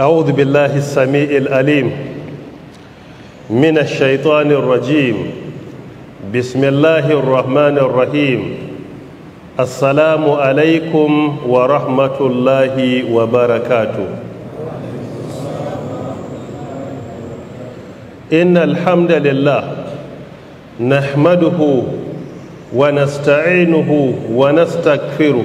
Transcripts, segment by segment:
أعوذ بالله السميع الأليم من الشيطان الرجيم بسم الله الرحمن الرحيم السلام عليكم ورحمة الله وبركاته إن الحمد لله نحمده ونستعينه ونستغفره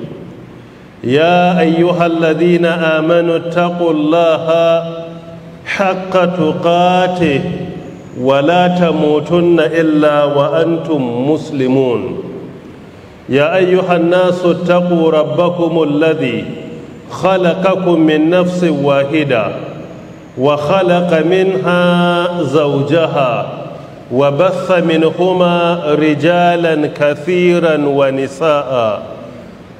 يا ايها الذين امنوا اتقوا الله حق تقاته ولا تموتن الا وانتم مسلمون يا ايها الناس اتقوا ربكم الذي خلقكم من نفس واحده وخلق منها زوجها وبث منهما رجالا كثيرا ونساء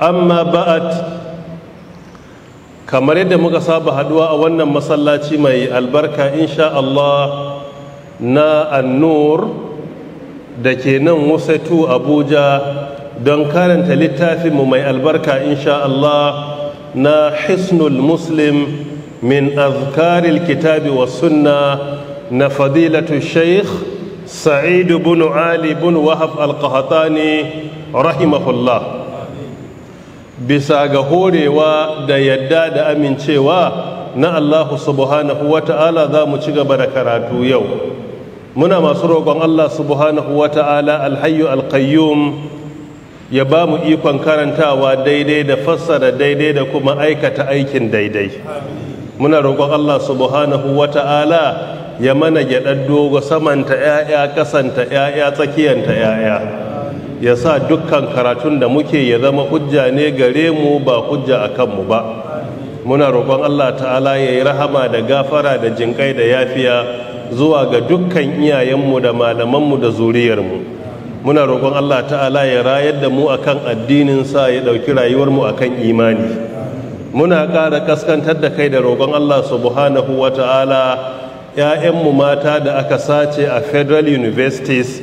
amma ba'at kamar yadda muka saba haduwa a wannan masallaci mai albarka insha Allah na annur da ke nan wasatu abuja don karanta littafinmu mai albarka insha Allah na hisnul muslim min azkaril kitabi wa sunna na fadilatu sheikh sa'idu bin ali bin wahab al rahimahullah bisa ga horewa da yadda da amincewa na Allahu subhanahu wa ta'ala za mu ci gaba da karatu yau muna masu roƙon Allah subhanahu wa ta'ala alhayyu alqayyum ya ba mu ikon karantawa daidai da fassara daidai da kuma aikata aikin daidai muna roƙon Allah subhanahu wa ta'ala ya mana gyaɗar dogo samanta 'ya'ya kasanta 'ya'ya tsakiyanta 'ya'ya ya sa dukkan karatun da muke ya zama hujja ne gare mu ba hujja a kanmu ba muna roƙon allah ta'ala ya yi rahama da gafara da jinƙai da yafiya zuwa ga dukkan iyayenmu da malamanmu da zuriyarmu muna roƙon allah ta'ala ya rayar da mu akan addinin sa ya ɗauki rayuwarmu akan imani muna ƙara ƙaskantar da kai da roƙon allah subhanahu wa ta'ala 'ya'yanmu mata da aka sace a federal universities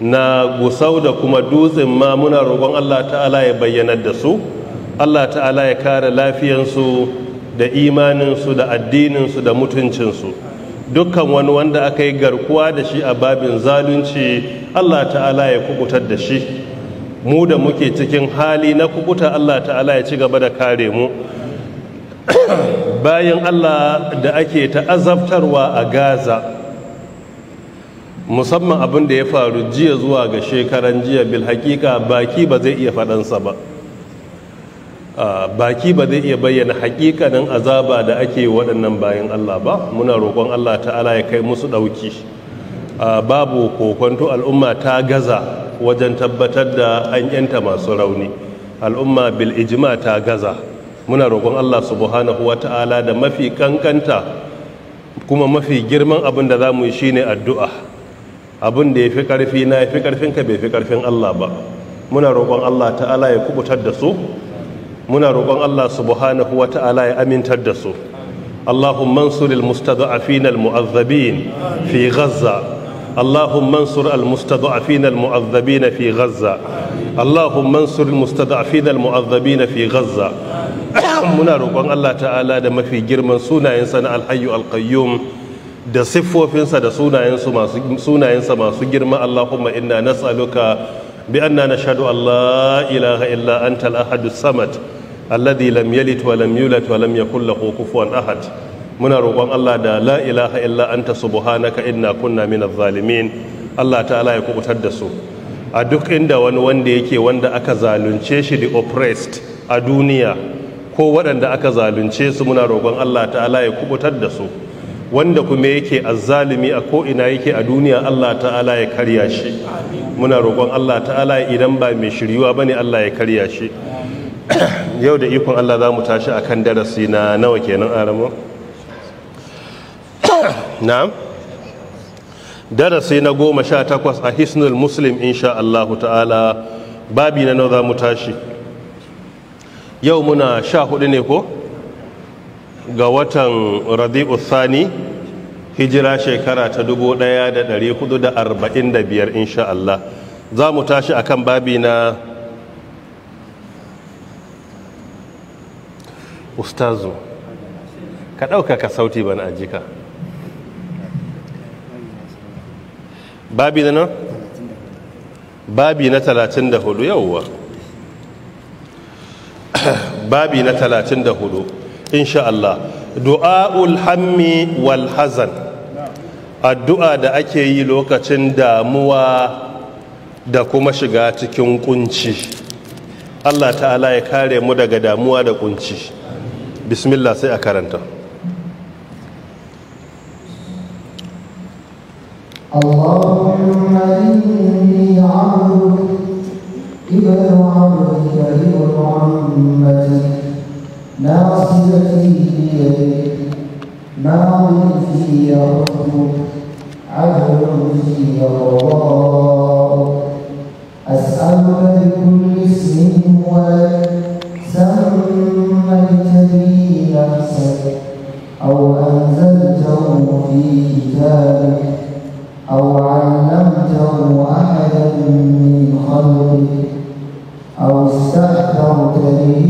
na gusau da kuma dutsen ma muna roƙon Allah ta'ala ya bayyanar da su Allah ta'ala ya kare lafiyansu da imaninsu da addininsu da mutuncinsu dukkan wani wanda aka yi garkuwa da shi a babin zalunci Allah ta'ala ya kubutar da shi mu da muke cikin hali na kubuta Allah ta'ala ya ci gaba da kare mu bayan Allah da ake ta azabtarwa a Gaza musamman abin da ya faru jiya zuwa ga shekaran jiya bil hakika baki ba zai iya faɗansa ba baki ba zai iya bayyana hakikanin azaba da ake waɗannan bayan Allah ba muna roƙon Allah ta'ala ya kai musu ɗauki babu kokonto al'umma ta gaza wajen tabbatar da an yanta masu rauni al'umma bil ijma ta gaza muna roƙon Allah subhanahu wa ta'ala da mafi kankanta kuma mafi girman abin da za mu yi shine addu'a Abun da ya fi ƙarfi na ya fi ƙarfinka bai fi ƙarfin Allah ba muna roƙon Allah ta'ala ya kubutar da su muna roƙon Allah subhanahu wa ta'ala ya amintar da su Allahumma ansur al-mustada'afin al-mu'azzabin fi Gaza Allahumma ansur al-mustada'afin al-mu'azzabin fi Gaza Allahumma ansur al-mustada'afin al-mu'azzabin fi Gaza muna roƙon Allah ta'ala da mafi girman sunayensa na al-hayyu al da siffofinsa da sunayensa masu girma Allahumma inna nas'aluka bi anna nashhadu an la ilaha illa anta al-ahad samad alladhi lam yalid wa lam yulad wa lam yakul lahu kufuwan ahad muna roƙon Allah da la ilaha illa anta subhanaka inna kunna minadh zalimin Allah ta'ala ya kubutar da su a duk inda wani wanda yake wanda aka zalunce shi the oppressed a duniya ko waɗanda aka zalunce su muna roƙon Allah ta'ala ya kubutar da su wanda kuma yake azzalimi a ko'ina yake a duniya Allah ta'ala ya karya shi muna roƙon Allah ta'ala idan ba mai shiryuwa ba ne Allah ya karya shi yau da ikon Allah za mu tashi a kan darasi na nawa kenan aramu na darasi na goma sha takwas a hisnul muslim insha Allah ta'ala babi na nawa za mu tashi yau muna sha hudu ne ko? ga watan rabi'u thani hijira shekara ta 1445 insha Allah za mu tashi akan babi na ustazu ka ɗaukaka sauti bana ajika babi na nan babi na 34 yauwa babi na 34 insha Allah du'aul hammi wal hazan addu'a da ake yi lokacin damuwa da kuma shiga cikin kunci Allah ta'ala ya kare mu daga damuwa da kunci bismillah sai a karanta اللهم إني عبدك ابن عبدك ابن عمتك ناصيتي بيدك ماض في ربك عدل في رواك أسألك بكل اسم هو لك سميت به نفسك أو أنزلته في كتابك أو علمته أحدا من خلقك أو استأثرت به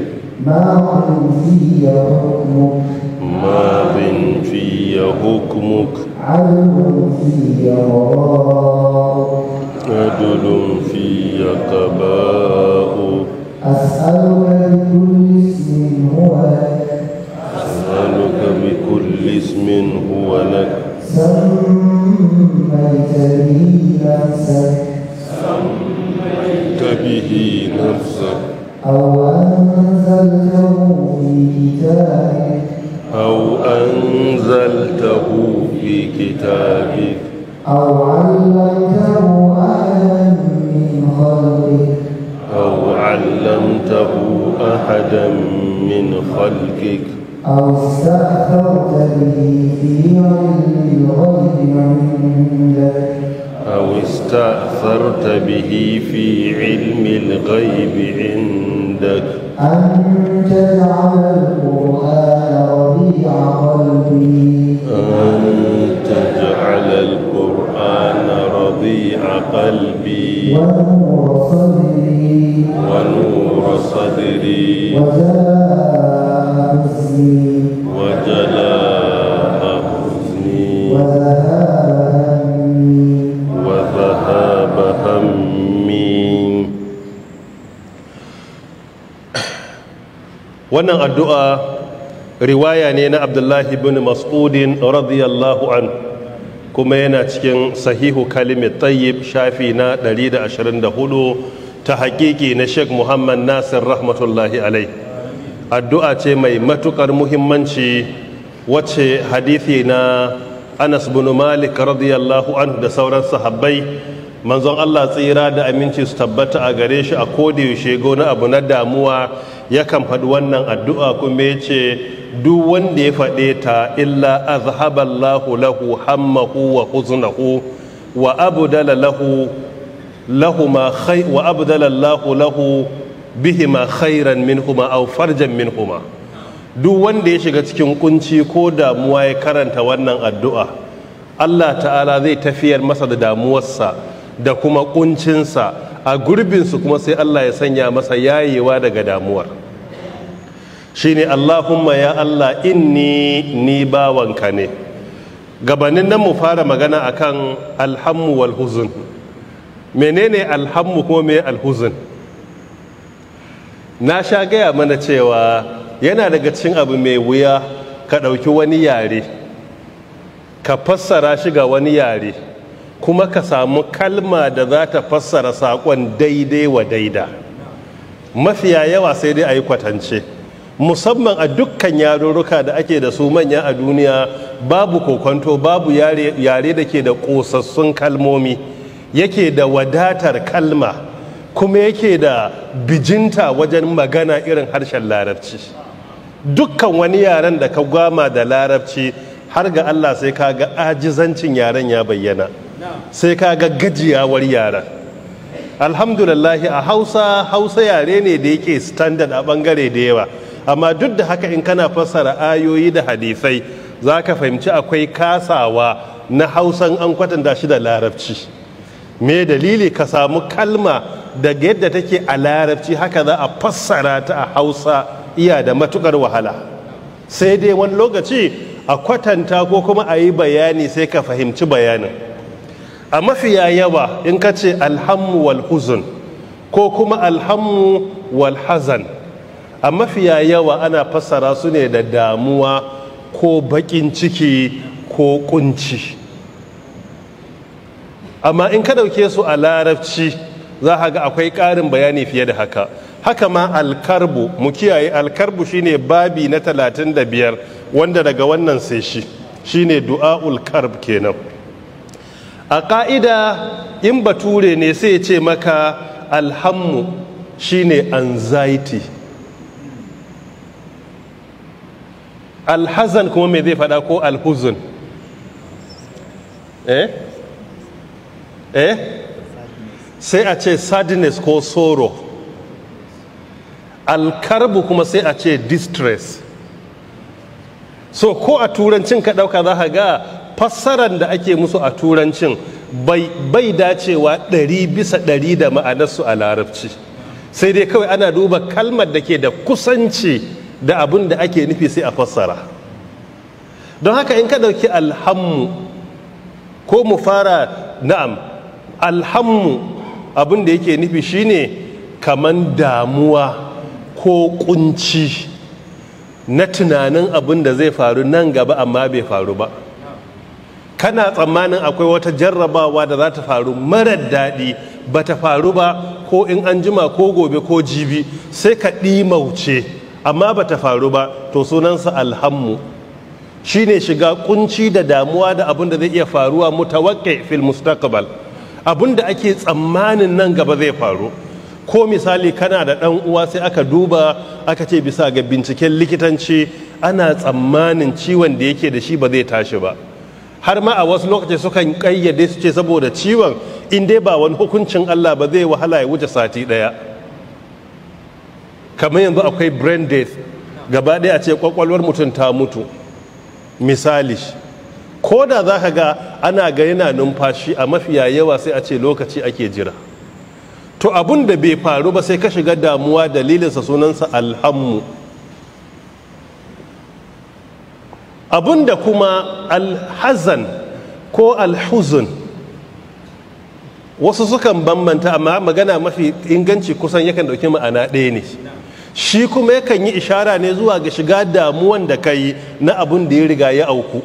ماض في حكمك ماض في حكمك عدل في قضاءك عدل في قباؤك أسألك بكل اسم هو لك أسألك بكل اسم هو لك سميت به نفسك سميت به نفسك أو أنزلته في كتابك أو أنزلته في كتابك أو علمته أحدا من خلقك أو علمته أحدا من خلقك أو استأثرت به في علم الغيب عندك أو استأثرت به في علم الغيب عندك أن تجعل القرآن ربيع قلبي أن تجعل القرآن ربيع قلبي ونور صدري ونور صدري وجلاء نفسي وجلاء wannan addu'a riwaya ne na abdullahi bin mas'udin radiyallahu an kuma yana cikin sahihu kalimi tayyib shafi na 124 ta hakiki na sheikh muhammad nasir rahmatullahi alai addu'a ce mai matukar muhimmanci wacce hadithi na anas bin malik radiyallahu an da sauran sahabbai manzon Allah tsira da aminci su tabbata a gare shi a kodayaushe gona abu na damuwa ya kan faɗi wannan addu'a kuma ya ce duk wanda ya faɗe ta illa azhaballahu lahu hammahu wa huznahu wa abdala lahu lahu ma khay wa abdala lahu lahu ma khairan minhuma aw farjan minhuma duk wanda ya shiga cikin kunci ko damuwa ya karanta wannan addu'a Allah ta'ala zai tafiyar masa da damuwarsa da kuma kuncinsa a gurbinsu kuma sai Allah ya sanya masa yayewa daga damuwar Shi ne Allahumma ya Allah inni ni bawanka ne gabanin nan mu fara magana akan alhammu wal huzun menene alhammu ko me alhuzun na sha gaya mana cewa yana daga cin abu mai wuya ka ɗauki wani yare ka fassara shi ga wani yare kuma ka samu kalma da za ta fassara saƙon daidai wa daida mafiya yawa sai dai a yi kwatance musamman a dukkan yarurruka da ake da su manya a duniya babu kokonto babu yare da ke da ƙosassun kalmomi yake da wadatar kalma kuma yake da bijinta wajen magana irin harshen larabci dukkan wani yaren da ka gwama da larabci har ga allah sai ka ga ajizancin yaren ya bayyana sai ka ga gajiyawar yaran alhamdulillahi a hausa hausa yare ne da yake standard a bangare da yawa amma duk da haka in kana fassara ayoyi da hadisai za ka fahimci akwai kasawa na hausan an kwatanta shi da larabci me dalili ka samu kalma daga yadda take a larabci haka za a fassara ta a hausa iya da matukar wahala sai dai wani lokaci a kwatanta ko kuma a yi bayani sai ka fahimci bayanin a mafiya yawa in ka ce alhammu wal huzun ko kuma alhammu wal hazan a mafiya yawa ana fassara su ne da damuwa ko bakin ciki ko kunci amma in ka dauke su a larabci za a ga akwai ƙarin bayani fiye da haka haka ma alkarbu mu kiyaye alkarbu shine babi na 35 wanda daga wannan sai shi shine du'a'ul karb kenan a ƙa'ida in bature ne sai ce maka alhammu shine anxiety alhazan kuma me zai fada ko alhuzun eh eh sai a ce sadness ko soro, alkarbu kuma sai a ce distress so ko a turancin ka ɗauka za ka ga fassarar da ake musu a turancin bai dacewa ɗari bisa ɗari da ma'anarsu a larabci sai dai kawai ana duba kalmar da ke da kusanci da abin da ake nufi sai a fassara don haka in ka ɗauki alhammu ko mu fara na'am alhammu abin da yake nufi shine kaman damuwa ko kunci na tunanin abin da zai faru nan gaba amma bai faru ba kana tsammanin akwai wata jarrabawa da za ta faru marar daɗi ba ta faru ba ko in an jima ko gobe ko jibi sai ka ɗimauce amma ba ta faru ba to sunansa alhammu shine shiga kunci da damuwa da abin da zai iya faruwa mutawakke fil mustaqbal abin da ake tsammanin nan gaba zai faru ko misali kana da ɗan uwa sai aka duba aka ce bisa ga binciken likitanci ana tsammanin ciwon da yake da shi ba zai tashi ba har ma a wasu lokaci sukan kayyade su ce saboda ciwon in dai ba wani hukuncin Allah ba zai wahala ya wuce sati daya kamar yanzu akwai brain death gaba daya a ce kwakwalwar mutum ta mutu misali ko da za ka ga ana ga yana numfashi a mafiya yawa sai a ce lokaci ake jira to abun da bai faru ba sai ka shiga damuwa dalilinsa sunansa alhammu abinda kuma alhazan ko alhuzun wasu sukan bambanta amma magana mafi inganci kusan yakan dauki ma'ana ɗaya ne shi kuma yakan yi ishara ne zuwa ga shiga damuwan da ka yi na abin da ya riga ya auku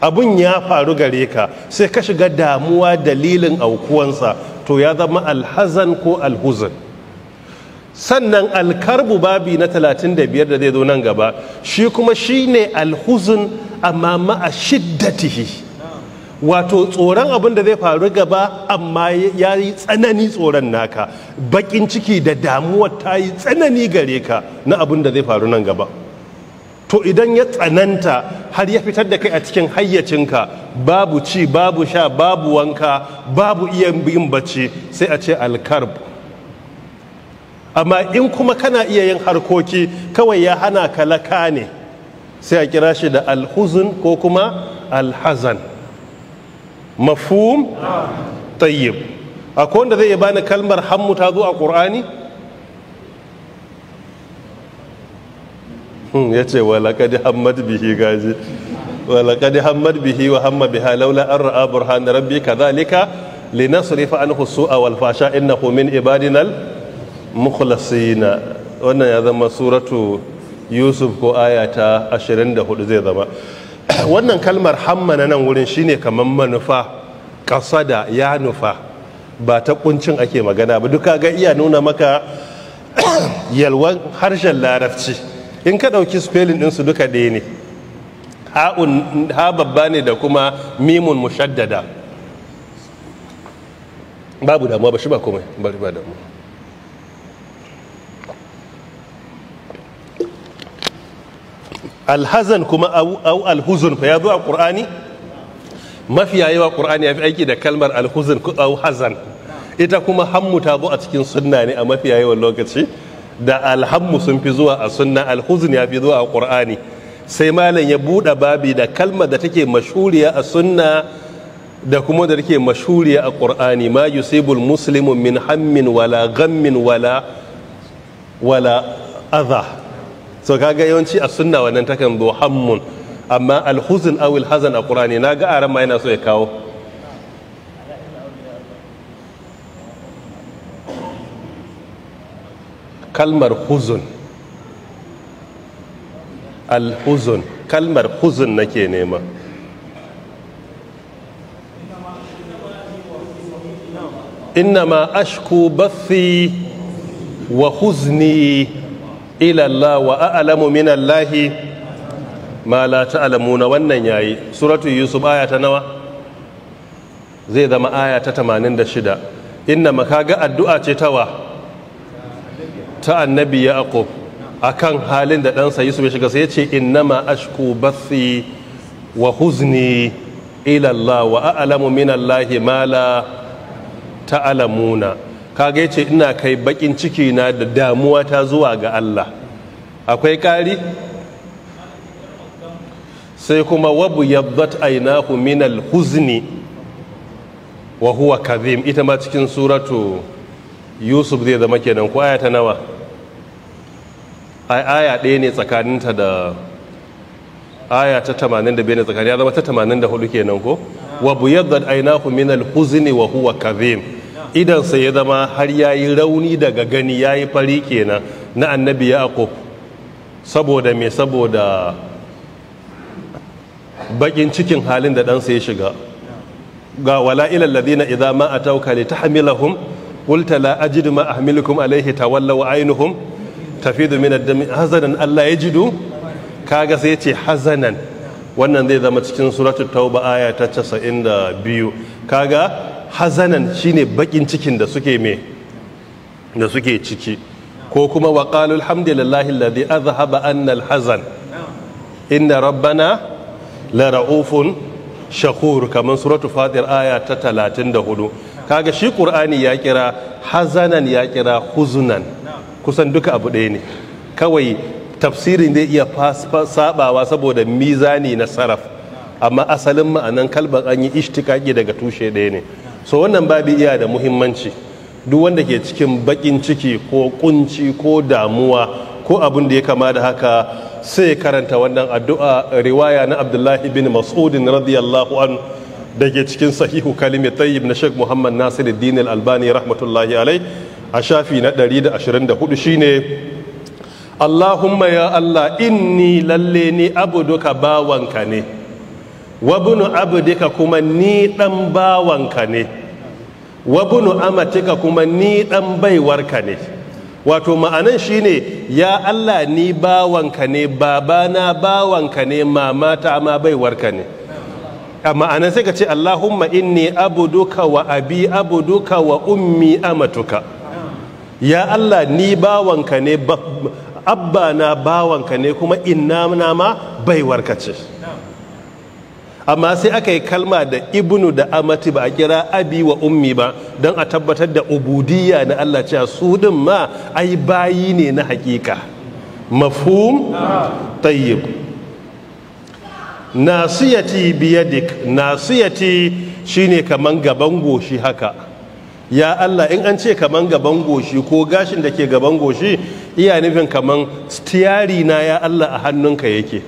abin ya faru gare ka sai ka shiga damuwa dalilin aukuwansa to ya zama alhazan ko alhuzun sannan alkarbu babi na 35 da zai zo nan gaba shi kuma shi ne alhuzun amma ma'a shiddatihi wato tsoron abin da zai faru gaba amma ya yi tsanani tsoron naka bakin ciki da damuwa ta yi tsanani gare ka na abin da zai faru nan gaba to idan ya tsananta har ya fitar da kai a cikin hayyacinka babu ci babu sha babu wanka babu iya yin bacci sai a ce alkarbu amma in kuma kana iya yin harkoki kawai ya hana ka ne sai a kira shi da alhuzun ko kuma alhazan mafum tayyib akwai wanda zai bani kalmar hammu ta zo a ƙur'ani hmm, ya ce walakadi hammad bihi gaji walakadi hammad bihi wa hamma biha laula an ra'a burhan rabbi kadhalika linasrifa anhu su'a wal fasha innahu min ibadinal mukhlasina wannan ya zama suratu yusuf ko aya ta 24 zai zama wannan kalmar hammana nan wurin shine kamar manufa kasada ya nufa ba ta kuncin ake magana ba duka ga iya nuna maka yalwan harshen larabci in ka ɗauki spelling ɗinsu duka ɗaya ne ha babba ne da kuma mimun mushaddada babu damuwa ba shi ba komai ba damuwa alhazan kuma au alhuzun fa ya zo a ƙur'ani mafiya yawa ƙur'ani ya fi aiki da kalmar alhuzun au hazan ita kuma hammu ta zo a cikin sunna ne a mafiya yawan lokaci da alhammu sun fi zuwa a sunna alhuzun ya fi zuwa a ƙur'ani sai malam ya buɗe babi da kalmar da take mashuriya a sunna da kuma da take mashuriya a ƙur'ani ma yusibul muslimu min hammin wala ghammin wala wala adha so kaga yawanci a sunna wannan takan zo hammun amma alhuzun awil hazan a qur'ani naga aran ma yana so ya kawo kalmar huzun alhuzun kalmar huzun nake nema innama ashku bathi wa huzni ilallah wa a'lamu minallahi ma la ta'lamuna wannan yayi suratu yusuf aya ta nawa zai zama aya ta 86 inna kaga addu'a ce tawa ta annabi yaqub akan halin da ɗansa yusuf ya shiga sai ya ce ma ashku bathi wa huzni ilallah wa a'lamu minallahi ma la ta'lamuna kaga ce ina kai bakin ciki na da damuwa ta zuwa ga Allah akwai kari? sai kuma wabu yabbat ainahu min al-huzni wa huwa kadhim ita ma cikin suratu Yusuf zai zama kenan ko aya ta nawa ai aya ɗaya ne tsakaninta da aya ta 85 ne tsakanin ya zama ta 84 kenan ko wabu yabbat ainahu min al-huzni wa huwa kadhim idansa ya zama har ya yi rauni daga gani ya yi fari kenan na annabi yaqub saboda me saboda bakin cikin halin da ɗansa ya shiga ga wala ilal ladina idza ma atawka litahmilahum qulta la ajidu ma ahmilukum alayhi tawallaw aynuhum tafidu min ad-dami hazanan alla yajidu kaga sai yace hazanan wannan zai zama cikin suratul tauba aya ta 92 kaga hazanan shine bakin cikin da suke me da suke ciki ko kuma wa qalu alhamdulillahi alladhi azhaba anna alhazan inna rabbana la raufun shakur kamar suratu fatir aya ta talatin da hudu. kaga shi ƙur'ani ya kira hazanan ya kira huzunan kusan duka abu ɗaya ne kawai tafsirin zai iya sabawa saboda mizani na saraf amma asalin ma'anan kalban an yi ishtikaki daga tushe ɗaya ne so wannan babi iya da muhimmanci duk wanda ke cikin bakin ciki ko kunci ko damuwa ko abin da ya kama da haka sai karanta wannan addu'a riwaya na abdullahi bin mas'udin radiyallahu an da ke cikin sahihu kalimi tayyib na sheikh muhammad nasir din albani rahmatullahi alai a shafi na 124 shine allahumma ya allah inni lalle ni duka bawanka ne wabunu abdika kuma ni dan bawanka ne wabunu amatika kuma ni dan baiwarka ne wato ma'anan shine ya Allah ni bawanka ne babana bawanka ne mamata ma baiwarka ne ma'anan sai ka ce Allahumma inni abuduka wa abi abuduka wa ummi amatuka ya Allah ni bawanka ne abba na bawanka ne kuma inna na ma baiwarka ce amma sai aka yi kalma da ibnu da amati ba a kira abi wa ummi ba don a tabbatar da ubudiyya na Allah cewa su din ma ai bayi ne na hakika mafhum tayyib nasiyati biyadik nasiyati shine kaman gaban goshi haka ya Allah in an ce kaman gaban goshi ko gashin da ke gaban goshi iya nufin kaman stiyari na ya Allah a hannunka yake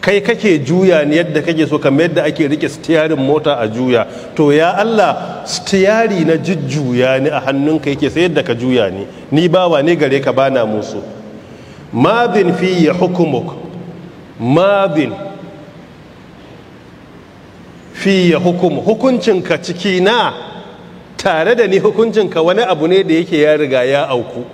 kai kake juya ni yadda kake so kamar yadda ake rike stiyarin mota a juya to ya Allah stiyari na jujjuya ne a hannunka yake sai yadda ka juya ni. ni bawa ne gare ka bana musu madin fi ya hukumuk madin fi ya hukum hukuncinka ciki na tare da ni hukuncinka wani abu ne da yake ya riga ya auku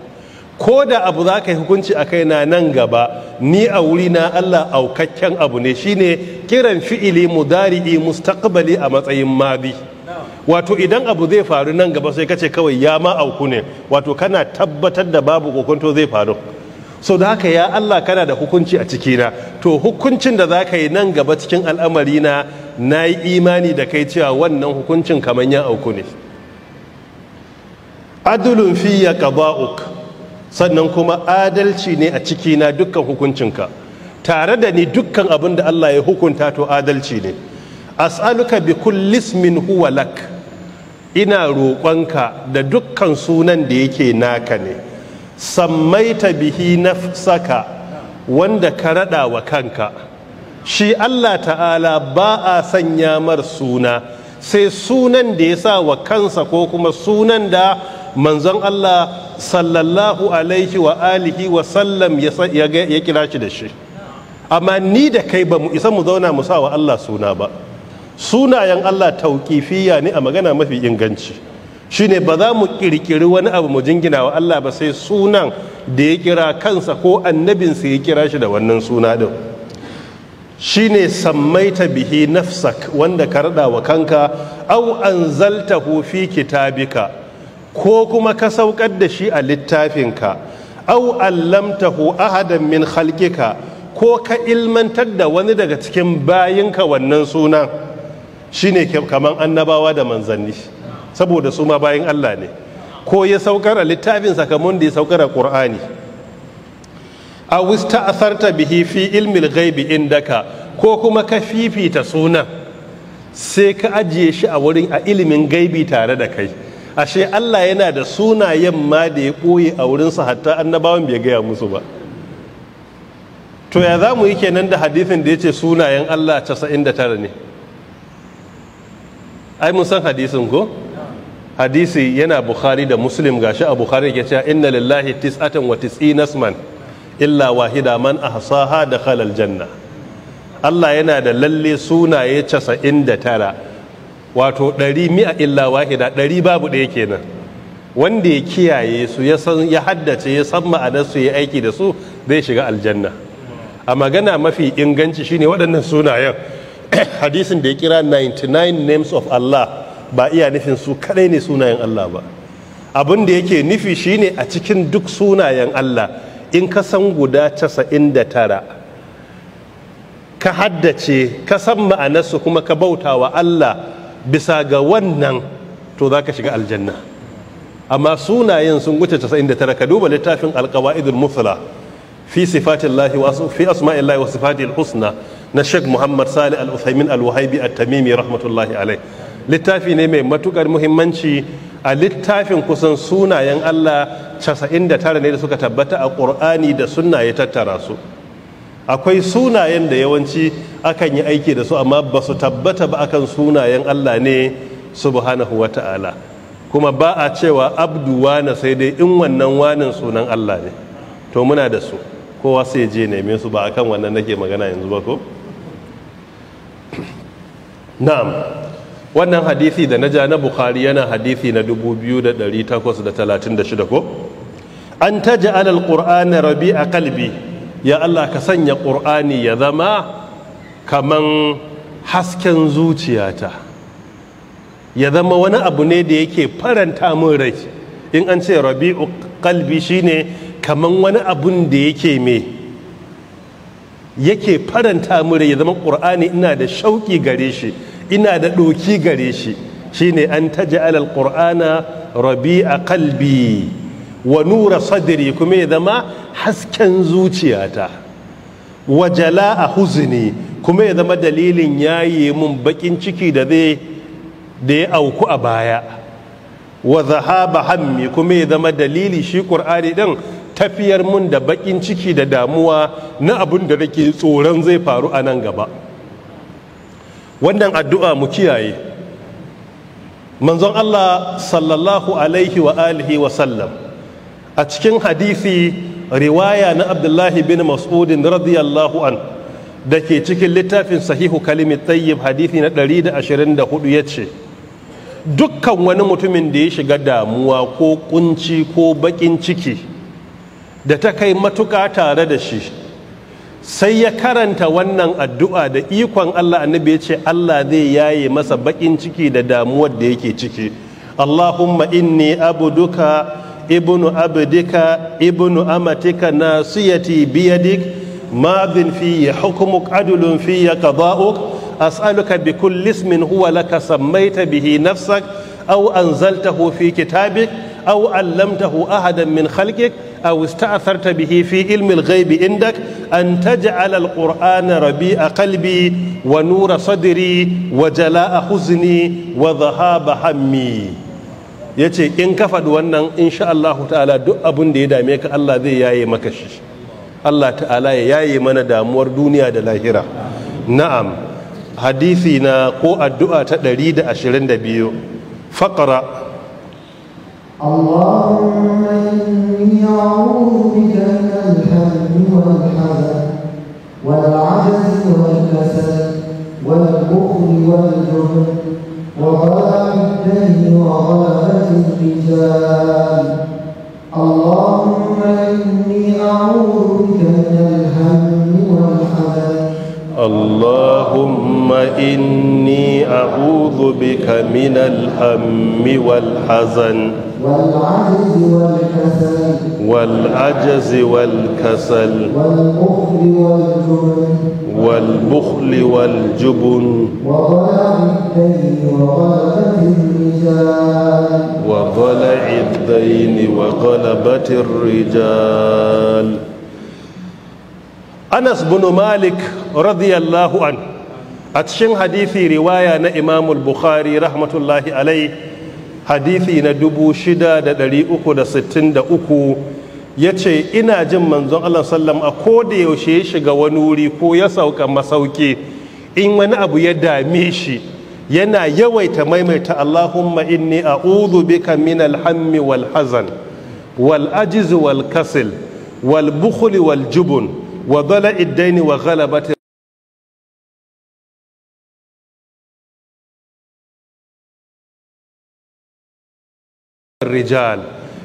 ko da abu za ka yi hukunci a kai na nan gaba ni a wuri na Allah aukakken abu ne shine kiran fi'ili mudari'i mustaqbali a matsayin madi wato idan abu zai faru nan gaba sai kace kawai ya ma auku ne wato kana tabbatar da babu kokonto zai faru so da haka ya Allah kana da hukunci a cikina to hukuncin da za ka yi nan gaba cikin al'amarina na yi imani da kai cewa wannan hukuncin kamar ya auku ne adulun ka qada'uk sannan kuma adalci ne a ciki cikina dukkan hukuncinka tare da ni dukkan abin da Allah ya hukunta to adalci ne as'aluka bi kulli ismin huwa lak ina roƙonka da dukkan sunan da yake naka ne sammaita bihi nafsaka wanda ka rada wa kanka shi Allah ta'ala ba a sanya mar suna sai sunan da ya sa wa kansa ko kuma sunan da manzon Allah sallallahu alaihi wa alihi wa sallam ya kira shi da shi amma ni da kai ba mu isa mu zauna mu sa wa Allah suna ba sunayen Allah tauƙifiya ne a magana mafi inganci shine ba za mu ƙirƙiri wani abu mu jingina wa Allah ba sai sunan da ya kira kansa ko annabin sa ya kira shi da wannan suna din shine sammaita bihi nafsak wanda ka raɗa wa kanka au anzaltahu fi kitabika ko kuma ka saukar da shi a littafinka au allamtahu ahadan min khalqika ko ka ilmantar da wani daga cikin bayinka wannan sunan shine kaman annabawa da manzanni saboda su ma bayin Allah ne ko ya saukar a littafin sakamon da ya saukar a Qur'ani a wista asarta bihi fi ilmil ghaibi indaka ko kuma ka fifita sunan sai ka ajiye shi a wurin a ilimin gaibi tare da kai ashe Allah yana da sunayen ma da ya ɓoye a wurinsa hatta annabawan bai gaya musu ba to ya za mu yi kenan da hadithin da ya ce sunayen Allah 99 ne ai mun san hadisin ko hadisi yana bukhari da muslim gashi a bukhari ke cewa inna lillahi tis'atan wa tis'ina isman illa wahida man ahsaha dakhala janna." Allah yana da lalle sunaye 99 wato ɗari mi'a illa wahida ɗari babu ɗaya kenan wanda ya kiyaye su ya ya haddace ya san ma'anarsu ya aiki da su zai shiga aljanna a magana mafi inganci shine waɗannan sunayen hadisin da ya kira 99 names of Allah ba iya nufin su kadai ne sunayen Allah ba abin da yake nufi shine a cikin duk sunayen Allah in ka san guda 99 ka haddace ka san ma'anarsu kuma ka bauta wa Allah bisa ga wannan to za ka shiga aljanna amma sunayen sun wuce 99 ka duba littafin alkawa'idul musula fi sifatin lahi wasu fi wasu sifatin husna na sheikh muhammad sali al-uthaymin al-wahabi at-tamimi rahmatullahi alai littafi ne mai matukar muhimmanci a littafin kusan sunayen allah 99 ne da suka tabbata a qur'ani da sunna ya tattara su akwai sunayen da yawanci akan yi aiki da su amma ba su tabbata ba akan sunayen Allah ne subhanahu wa ta'ala kuma ba a cewa abdu wana sai dai in wannan wanin sunan Allah ne to muna da su kowa sai je neme su ba akan wannan nake magana yanzu ba ko na'am wannan hadisi da na ja na bukhari yana hadisi na 2836 ko an taja alal qur'ani rabi'a qalbi ya Allah ka sanya qur'ani ya zama kaman hasken zuciyata ya zama wani abu ne da yake faranta mun rai in an ce rabi'u kalbi shine kaman wani abun da yake me yake faranta mun rai ya zama qur'ani ina da shauki gare shi ina da doki gare shi shine an taj'al alqur'ana rabi'a Kalbi wa nura sadri kuma ya zama hasken zuciyata wa a huzni kuma ya zama dalilin ya yi mun bakin ciki da zai da ya auku a baya wa zahaba hammi kuma ya zama dalili shi ƙur'ani ɗin tafiyar mun da bakin ciki da damuwa na abin da nake tsoron zai faru a nan gaba wannan addu'a mu kiyaye manzon Allah sallallahu alaihi wa alihi wa sallam a cikin hadisi riwaya na Abdullahi bin Mas'udin radiyallahu anhu da ke cikin littafin sahihu kalimi tsayyib hadisi na 124 ya ce dukkan wani mutumin da ya shiga damuwa ko kunci ko bakin ciki da ta kai matuƙa tare da shi sai ya karanta wannan addu'a da ikon Allah annabi ya ce Allah zai yaye masa bakin ciki da damuwar da yake ciki Allahumma inni abuduka ibnu abdika ibnu amatika nasiyati biyadik ماض في حكمك عدل في قضاؤك أسألك بكل اسم هو لك سميت به نفسك أو أنزلته في كتابك أو علمته أحدا من خلقك أو استأثرت به في علم الغيب عندك أن تجعل القرآن ربيع قلبي ونور صدري وجلاء حزني وذهاب همي yace in ka faɗi wannan insha Allah ta'ala duk abin da ya dame ka Allah zai yaye maka shi الله تعالى ياي من دامور دنيا دلاهيرة نعم حديثنا قو الدعاء تدريد أشرين دبيو فقرة اللهم إني أعوذ بك من الحزن والحزن والعجز والكسل والبخل والجهل وغلاء الدين وغلاء الرجال اللهم إني أعوذ بك من الهم والحزن اللهم إني أعوذ بك من الهم والحزن والعجز والكسل والبخل والجبن والبخل والجبن وضلع الدين وغلبة الرجال وضلع الدين وغلبة الرجال anas bin malik radiyallahu an a cikin hadithi riwaya na imamul bukhari rahmatullahi alai hadithi na 6363 ya ce ina jin manzon allah sallam a koda yaushe ya shiga wani wuri ko ya sauka masauki in wani abu ya dame shi yana yawaita maimaita allahumma inni a'udhu bika min alhammi wal hazan wal ajiz wal kasil wal bukhli wal jubun wa iddaini wa galabata rijal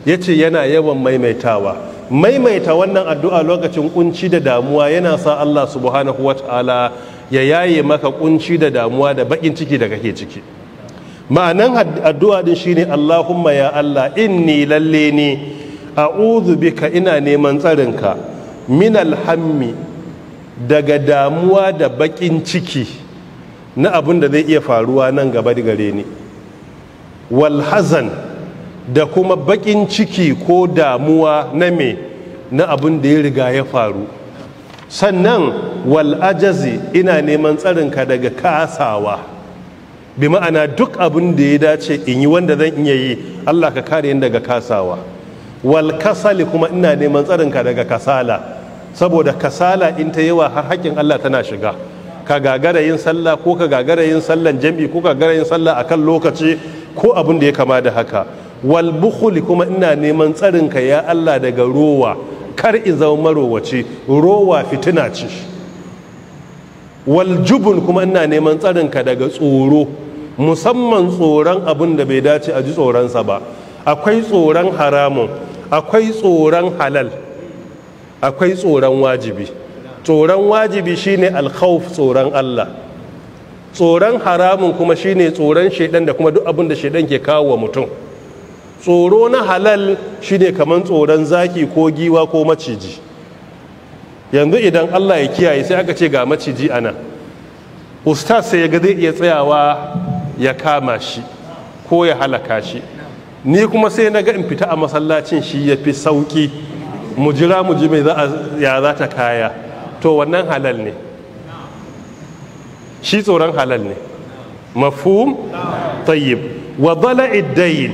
ce yana yawan maimaitawa maimaita wannan addu'a lokacin kunci da damuwa yana sa Allah subhanahu ta’ala ya yaye maka kunci da damuwa da bakin ciki da kake ciki ma'anan addu'a din shi ne Allahumma ya Allah inni lalle ni uzu bika ina neman tsarinka min alhammi daga damuwa da bakin ciki na abin da zai iya faruwa nan gaba da gare ni walhazan da kuma bakin ciki ko damuwa na me na abin da ya riga ya faru sannan wal'ajazi ina neman tsarinka daga kasawa bi ma'ana duk abin da ya dace in yi wanda zan iya yi allah ka kare yin daga kasawa wal kasali kuma ina neman tsarinka daga kasala saboda kasala in ta yawa har haƙƙin Allah tana shiga ka gagara yin sallah ko ka gagara yin sallan jam'i ko ka gagara yin sallah kan lokaci ko abin da ya kama da haka wal bukuli kuma ina neman tsarinka ya Allah daga rowa kar in zama marowaci rowa fitina ce wal jubun kuma ina neman tsarinka daga tsoro musamman tsoron abin da bai dace a ji tsoronsa ba akwai tsoron haramun akwai tsoron halal akwai tsoron wajibi tsoron wajibi shine alkhawf tsoron Allah tsoron haramun kuma shine tsoron shaidan da kuma duk abin da shaidan ke kawo wa mutum tsoro na halal shine kaman tsoron zaki ko giwa ko maciji yanzu idan Allah ya kiyaye sai aka ce ga maciji ana ustaz sai ya ga zai iya tsayawa ya kama shi ko ya halaka shi ni kuma sai na ga in fita a masallacin shi ya fi sauki mu jira mu ji mai ya za ta kaya to wannan halal ne shi tsoron halal ne mafhum tayyib wa dala iddain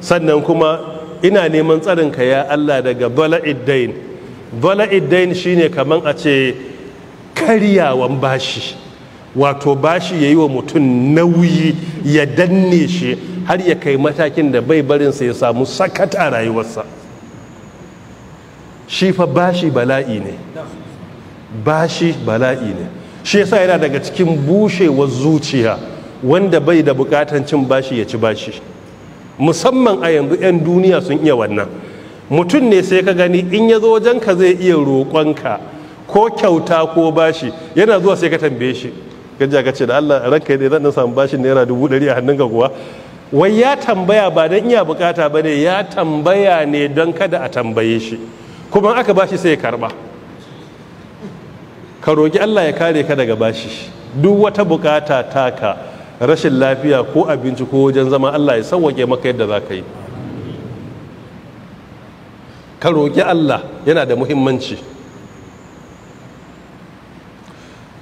sannan kuma ina neman tsarin ka ya Allah daga dala'id dayn dala'id shi shine kamar a ce karyawan bashi wato bashi yayi wa mutum nauyi ya danne shi har ya kai matakin da bai barinsa ya samu sakata a rayuwarsa shi fa bashi bala'i ne bashi bala'i ne shi yasa yana daga cikin bushewar zuciya wanda bai da bukatan cin bashi ya ci bashi musamman a yanzu 'yan duniya sun iya wannan mutum ne sai ka gani in ya zo wajenka zai iya roƙonka ko kyauta ko bashi yana zuwa sai ka tambaye shi gajiya ka ce da allah ranka ne zan samu bashin naira dubu ɗari a hannunka kuwa wai ya tambaya ba don iya bukata ba ne ya tambaya ne don kada a tambaye shi kuma aka bashi sai ya karba ka roƙi allah ya kare ka daga bashi duk wata bukata taka rashin lafiya ko abinci ko wajen zama allah ya sauwaƙe maka yadda za ka yi ka roƙi allah yana da muhimmanci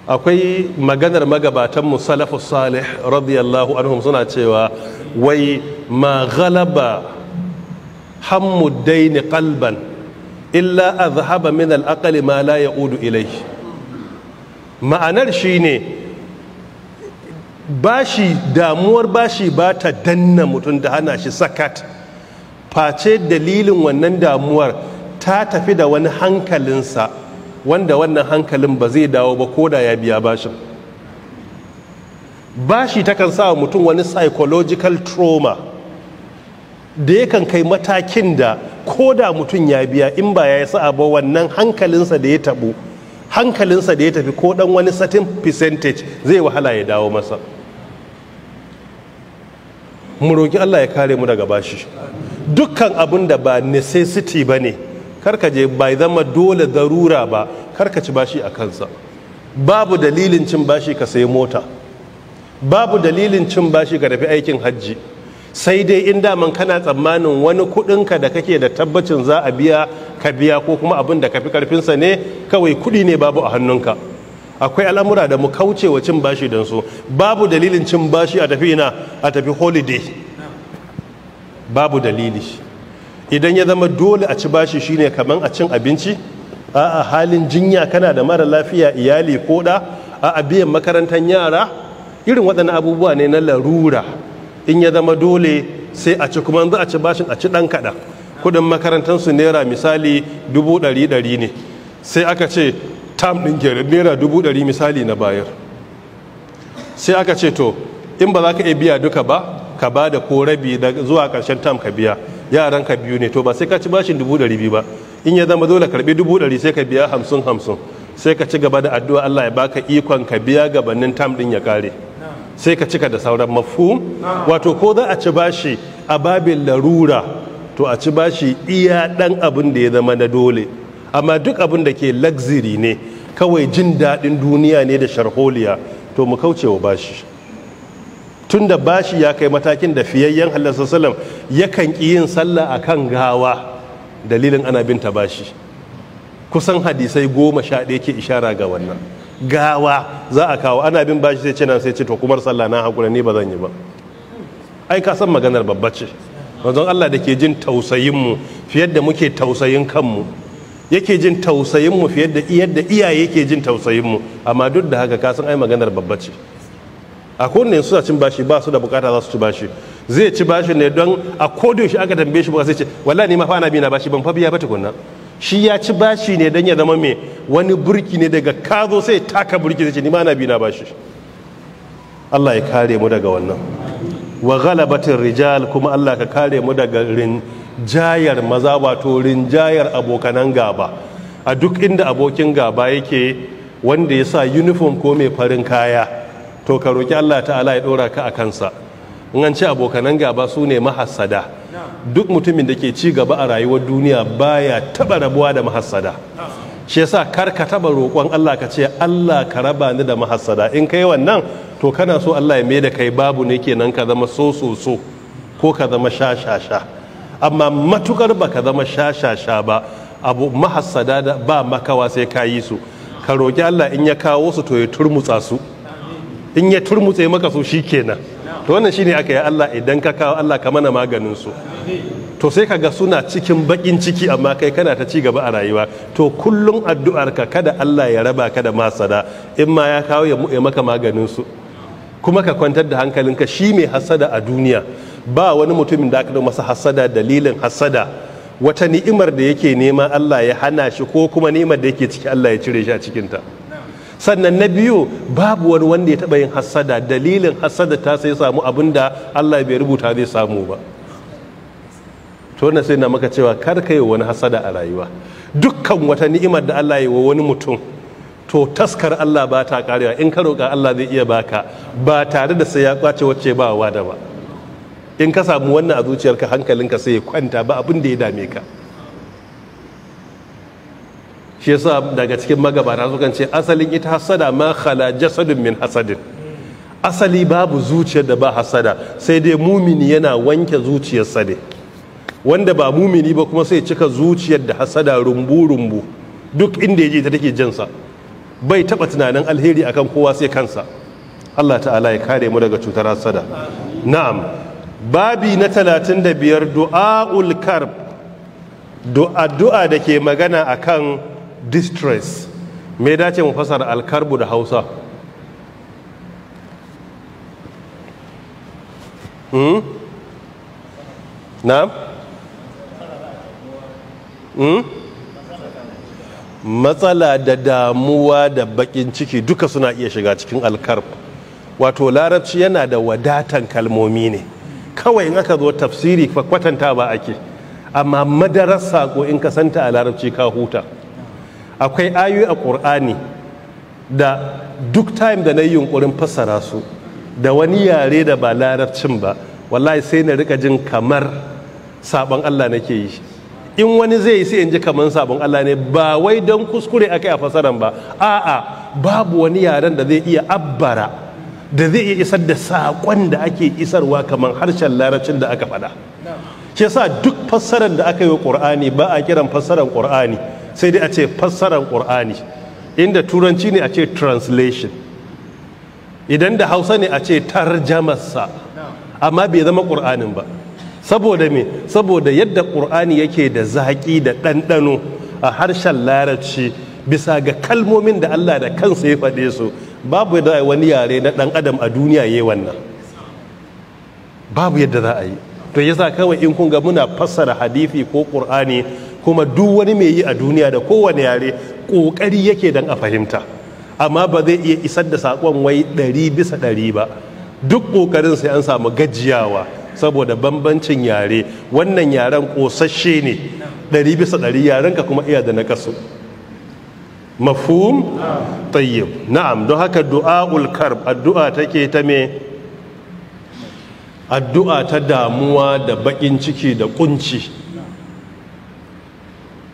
akwai maganar magabatan musalafu salih radiyallahu anhum suna cewa wai ma galaba hammu daini qalban illa azhaba min al-aqli ma la udu ilai. ma'anar shine bashi damuwar bashi ba ta danna mutum da hana shi sakat face dalilin wannan damuwar ta tafi da wani hankalinsa wanda wannan hankalin ba zai dawo ba ko da ya biya bashin bashi takan sa mutum wani psychological trauma da yakan kai matakin da ko da mutum ya biya in ba ya yi ba wannan hankalinsa da ya tabo hankalinsa da ya tafi ko dan wani certain percentage zai wahala ya dawo masa mu roƙi Allah ya kare mu daga bashi dukkan abin da ba necessity ba ne karka je bai zama dole darura ba karka ci bashi a kansa babu dalilin cin bashi ka sayi mota babu dalilin cin bashi ka tafi aikin hajji sai dai in daman kana tsammanin wani kudinka da kake da tabbacin za a biya ka biya ko kuma abin da ka fi karfinsa ne kawai kudi ne babu a hannunka akwai al'amura da mu kauce wa cin bashi don su babu dalilin cin bashi a tafi na a tafi holiday babu dalili idan ya zama dole a ci bashi shine kaman a cin abinci a halin jinya kana da mara lafiya iyali ko da a biyan makarantar yara irin waɗannan abubuwa ne na larura in ya zama dole sai a ci kuma za a ci bashin a ci ɗan kaɗa kudin makarantar su naira misali dubu ɗari ɗari ne sai aka ce tam ɗin kenan naira dubu ɗari misali na bayar sai aka ce to in ba za ka iya biya duka ba ka ba da ko rabi zuwa ƙarshen tam ka biya yaran ka biyu ne to ba sai ka ci bashin dubu ɗari biyu ba in ya zama dole karbi dubu ɗari sai ka biya hamsin hamsin sai ka ci gaba da addu'a Allah ya baka ikon ka biya gabanin tam ɗin ya kare sai ka cika da sauran mafhum wato ko za a ci bashi a babin larura to a ci bashi iya ɗan abin da ya zama na dole amma duk abin da ke luxury ne kawai jin daɗin duniya ne da sharholiya to mu kauce wa bashi tun da bashi ya kai matakin da fiyayyen halarsa salam yakan ƙi yin sallah a kan gawa dalilin ana binta bashi kusan hadisai goma sha ɗaya ke ishara ga wannan gawa za a kawo ana bin bashi sai ce nan sai ce to kumar sallah na hakura ne ba zan yi ba ai ka san maganar babba ce wanzan Allah da ke jin tausayin mu fiye da muke tausayin kanmu yake jin tausayin mu fiye da yadda iyaye ke jin tausayinmu amma duk da haka ka san ai maganar babba ce a kowanne suna cin bashi ba su da bukata za su ci bashi zai ci bashi ne don a kodo shi aka tambaye shi ba zai ce wallahi ni ma fa ana bi na bashi ban fa biya ba tukunna shi ya ci bashi ne don ya zama mai wani burki ne daga kazo sai taka burki zai ce ni ma ana bi na bashi Allah ya kare mu daga wannan wa ghalabatir rijal kuma Allah ka kare mu daga rinjayar maza wato rinjayar abokanan gaba a duk inda abokin gaba yake wanda ya sa uniform ko mai farin kaya to ka roƙi Allah ta'ala ya ɗora ka a kansa in ci abokanan gaba su ne mahassada duk mutumin da ke ci gaba a rayuwar duniya baya taɓa rabuwa da mahassada shi yasa kar ka taba roƙon Allah ka ce Allah ka raba ni da mahassada in kai wannan to kana so Allah ya mai da kai babu ne kenan ka zama so so so ko ka zama sha amma matukar ba ka zama sha ba abu mahassada ba makawa sai ka yi su ka roƙi Allah in ya kawo su to ya turmutsa su in ya turmutse maka su kenan to wannan shine aka yi Allah idan ka kawo Allah ka mana maganin su to sai ka ga suna cikin bakin ciki amma kai kana ta ci gaba a rayuwa to kullum addu'arka kada Allah ya raba ka da masada in ma ya kawo ya maka maganin su kuma ka kwantar da hankalinka shi mai hasada a duniya ba wani mutumin da aka masa hasada dalilin hasada wata ni'imar da yake nema Allah ya hana shi ko kuma ni'imar da yake ciki Allah ya cire shi a cikin ta. sannan na biyu babu wani wanda ya taɓa yin hassada dalilin hassada ta sai samu abin da Allah bai rubuta zai samu ba to na sai na maka cewa kar ka yi wani hasada a rayuwa dukkan wata ni'imar da Allah ya wa wani mutum to taskar Allah ba ta karewa in ka roƙa Allah zai iya baka ba tare da sai ya kwace wacce ba wa da ba in ka samu wannan a zuciyarka hankalinka sai ya kwanta ba abin da ya dame ka shi yasa daga cikin magabata su kan ce asalin ita hasada ma khala jasadun min hasadin asali babu zuciyar da ba hasada sai dai mumini yana wanke zuciyarsa ne wanda ba mumini ba kuma sai cika zuciyar da hasada rumbu rumbu duk inda yaje ta take jinsa bai taba tunanin alheri akan kowa sai kansa Allah ta'ala ya kare mu daga cutar hasada na'am babi na 35 du'aul karb du'a da ke magana akan distress me dace mu fasara alkarbu da hausa hmm? na? hmm? matsala da damuwa da bakin ciki duka suna iya shiga cikin alkarb wato larabci yana da wadatan kalmomi ne kawai in aka zo tafsiri kwatanta ba ake amma madarar sako in ka santa a larabci ka huta akwai ayoyi a ƙur'ani da duk time da na yi yunkurin fassara su da wani yare da ba larabcin ba wallahi sai na rika jin kamar sabon Allah nake yi in wani zai yi sai in ji kamar sabon Allah ne ba wai don kuskure akai a fasaran ba a'a babu wani yaren da zai iya abbara da zai iya isar da saƙon da ake isarwa kamar harshen larabcin da aka faɗa shi yasa duk fassarar da aka yi wa ƙur'ani ba a kiran fassarar ƙur'ani sai dai a ce fassarar ƙur'ani inda turanci ne a ce translation idan da hausa ne a ce tarjamasa amma bai zama ƙur'anin ba saboda me saboda yadda ƙur'ani yake da zaƙi da ɗanɗano a harshen larabci bisa ga kalmomin da allah da kansa ya faɗe su babu yadda wani yare na ɗan adam a duniya ya wannan babu yadda za a yi to yasa kawai in kun ga muna fassara hadisi ko ƙur'ani kuma duk wani mai yi a duniya da kowane yare ƙoƙari yake don a fahimta amma ba zai iya isar da saƙon wai ɗari bisa ɗari ba duk ƙoƙarin sai an samu gajiyawa saboda bambancin yare wannan yaren ƙosashe ne ɗari bisa ɗari yaren ka kuma iya da na kasu mafhum tayyib na'am don haka du'a'ul karb addu'a take ta me addu'a ta damuwa da baƙin ciki da ƙunci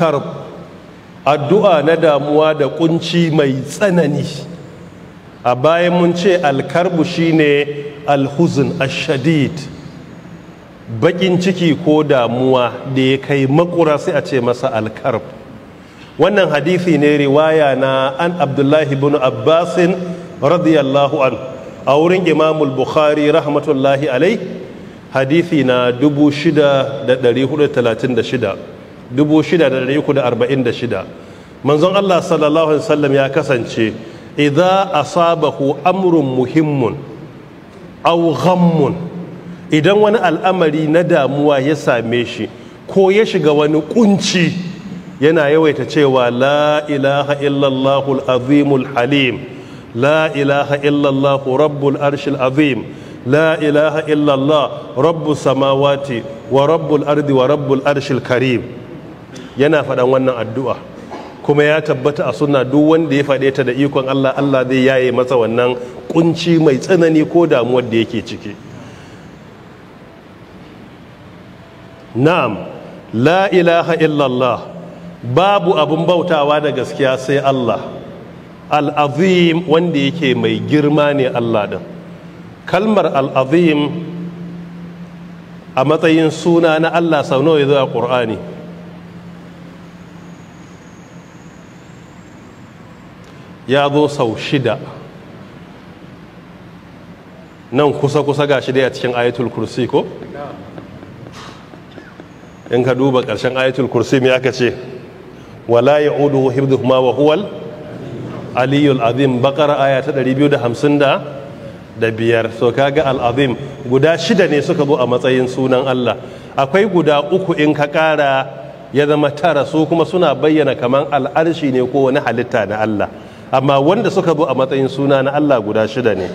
karb addu'a na damuwa da kunci mai tsanani a bayan mun ce alkarbu shine alhuzun ashadid bakin ciki ko damuwa da ya kai makura sai a ce masa alkarb wannan hadithi ne riwaya na an abdullahi bin abbasin radiyallahu an a wurin imamul bukhari rahmatullahi alai hadithi na 6436 6,346 manzon Allah sallallahu alaihi wasallam ya kasance idza asabahu amrun muhimmun aw ghammun idan wani al'amari na damuwa ya same shi ko ya shiga wani kunci yana yawaita cewa la ilaha illallahul azimul halim la ilaha illallahu rabbul arshil azim la ilaha illallah rabbus samawati wa rabbul ardi wa rabbul arshil karim yana faɗan wannan addu'a kuma ya tabbata a suna duk wanda ya faɗe ta da ikon Allah Allah zai yaye masa wannan kunci mai tsanani ko damuwar da yake ciki na'am la ilaha illallah babu abin bautawa da gaskiya sai Allah al'azim wanda yake mai girma ne Allah din kalmar al'azim a matsayin suna na Allah sau nawa ya zo a ƙur'ani ya zo sau shida nan kusa-kusa ga shida dai a cikin ayatul kursi ko? in ka duba ƙarshen ayatul kursi mai aka ce wala ya udu hirdu kuma wa huwal aliyul azim bakar aya ta 255 so kaga al'azim guda shida ne suka zo a matsayin sunan Allah akwai guda uku in ka ƙara ya zama tara su kuma suna bayyana kamar al'arshi ne ko wani halitta na Allah amma wanda suka zo a matsayin suna na Allah guda shida ne